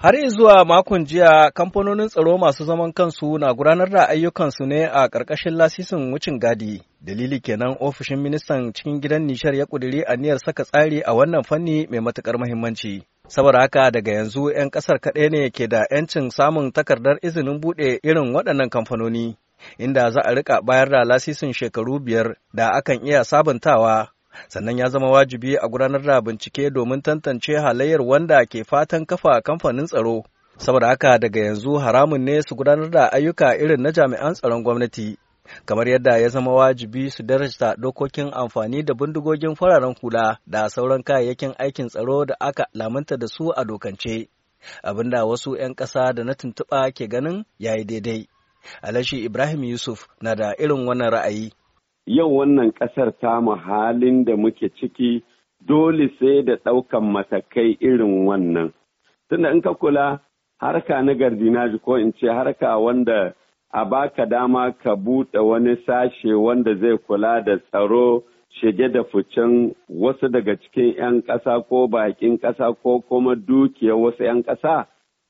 Har zuwa makon jiya kamfanonin tsaro masu zaman kansu na gudanar da ayyukansu ne a ƙarƙashin lasisin wucin gadi. Dalili kenan ofishin ministan cikin gidan Nishar ya ƙudiri aniyar saka tsari a wannan fanni mai matuƙar muhimmanci. Saboda haka daga yanzu 'yan ƙasar kaɗai ne ke da 'yancin samun takardar izinin buɗe irin waɗannan kamfanoni, inda za a riƙa bayar da lasisin shekaru biyar da akan iya sabuntawa sannan ya zama wajibi a gudanar da bincike domin tantance halayyar wanda ke fatan kafa kamfanin tsaro saboda haka daga yanzu haramun ne su gudanar da ayyuka irin na jami'an tsaron gwamnati kamar yadda ya zama wajibi su darajta dokokin amfani da bindigogin fararen hula da sauran kayayyakin aikin tsaro da aka lamunta da su a dokance abinda wasu 'yan ƙasa da na tuntuɓa ke ganin yayi daidai alashi ibrahim yusuf na da irin wannan ra'ayi yau wannan ƙasar mu halin da muke ciki dole sai da ɗaukan matakai irin wannan. Tunda in ka kula harka na gardinaji ko in ce harka wanda a baka dama ka buɗe wani sashe wanda zai kula da tsaro shige da ficen wasu daga cikin 'yan ƙasa ko bakin ƙasa ko kuma dukiyar wasu 'yan ƙasa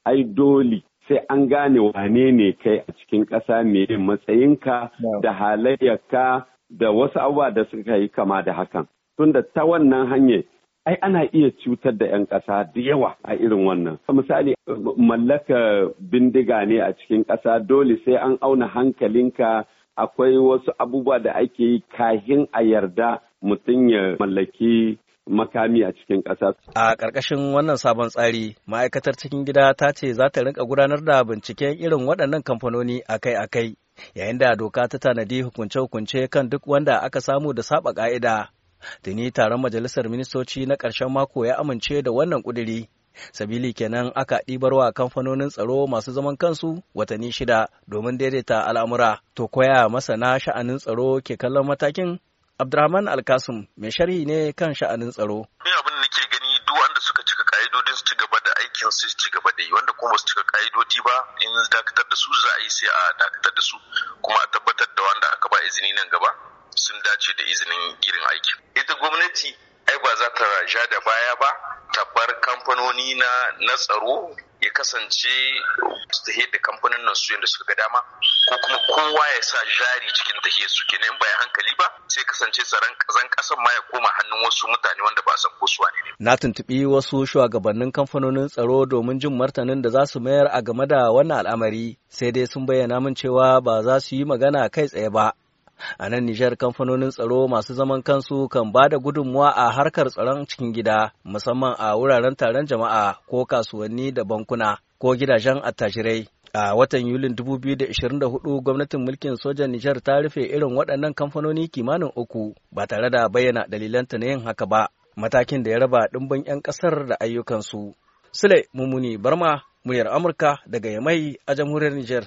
ai dole sai an gane wane ne kai a cikin ƙasa mai matsayinka da halayyarka da wasu abubuwa da suka yi kama da hakan tunda ta wannan hanyar ai ana iya cutar da 'yan ƙasa da yawa a irin wannan misali mallaka bindiga ne a cikin ƙasa dole sai an auna hankalinka akwai wasu abubuwa da ake yi kahin a yarda mutum ya mallaki makami a cikin ƙasa. A ƙarƙashin wannan sabon tsari, ma'aikatar cikin gida ta ce za ta rinka gudanar da binciken irin waɗannan kamfanoni akai-akai, yayin da doka ta tanadi hukunce-hukunce kan duk wanda aka samu da saba ƙa'ida. Tuni taron majalisar ministoci na ƙarshen mako ya amince da wannan ƙudiri. Sabili kenan aka ɗibarwa kamfanonin tsaro masu zaman kansu watanni shida domin daidaita al'amura. To koya masana sha'anin tsaro ke kallon matakin? Abdurrahman Alkasum mai sharhi ne kan sha'anin tsaro. Ni abin da nake gani duk wanda suka cika ka'idodin su ci gaba da aikin su ci gaba da yi wanda kuma su cika ka'idodi ba in dakatar da su za a yi sai a dakatar da su kuma a tabbatar da wanda aka ba izini nan gaba sun dace da izinin irin aiki. Ita gwamnati ai ba za ta raja da baya ba ta bar kamfanoni na na tsaro ya kasance su tahe da kamfanin nan su yadda suka ga dama ko kuma kowa ya sa jari cikin tahe su kenan in ba ya hankali ba sai kasance tsaron kazan kasan ma ya koma hannun wasu mutane wanda ba san ko su wane ne. Na tuntuɓi wasu shugabannin kamfanonin tsaro domin jin martanin da za su mayar a game da wannan al'amari sai dai sun bayyana min cewa ba za su yi magana kai tsaye ba A nan Nijar kamfanonin tsaro masu zaman kansu kan ba da gudunmuwa a harkar tsaron cikin gida, musamman a wuraren taron jama'a ko kasuwanni da bankuna ko gidajen attajirai. A watan Yulin 2024 gwamnatin mulkin sojan Nijar ta rufe irin waɗannan kamfanoni kimanin uku ba tare da bayyana dalilanta na yin haka ba, matakin da ya raba ɗimbin 'yan ƙasar da ayyukansu. Sule Mumuni Barma, muryar Amurka daga Yamai a jamhuriyar Nijar.